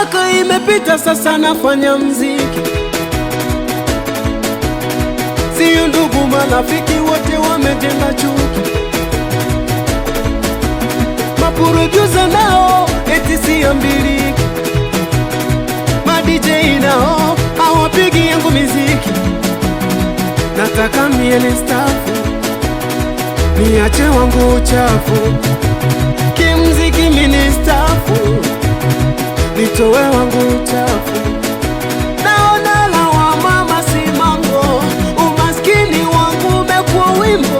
miaka imepita sasa nafanya mziki, siyo ndugu, marafiki wote wamejenga chuki, mapurujuza nao eti siyo madijei nao hawapigi yangu miziki. Nataka mie stafu niache wangu uchafu we wangu uchafu, naona lawama masimango, umaskini wangu umekuwa wimbo,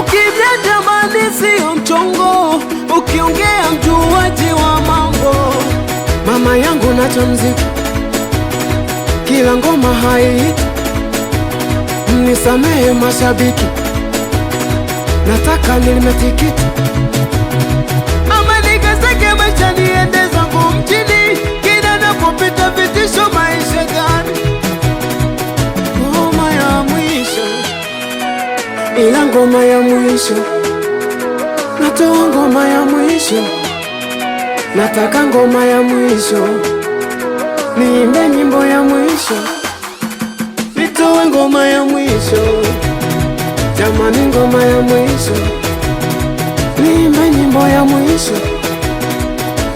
ukimya jamani, siyo mchongo, ukiongea mjuaji wa mambo. Mama yangu nacha mziki, kila ngoma hai, mnisamehe mashabiki, nataka nilimetikiti ila ngoma ya mwisho, natoa ngoma ya mwisho, nataka ngoma ya mwisho, niimbe nyimbo ya mwisho, nitoe ngoma ya mwisho, jamani, ngoma ya mwisho, niimbe nyimbo ya mwisho,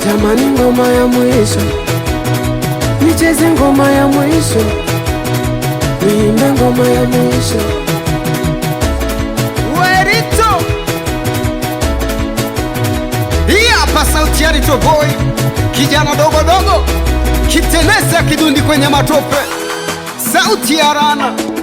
jamani, ngoma ya mwisho, nicheze ngoma ya mwisho, niimbe ngoma ya mwisho Richard Choboi, kijana dogo dogo, kiteleza kidundi kwenye matope, sauti ya rana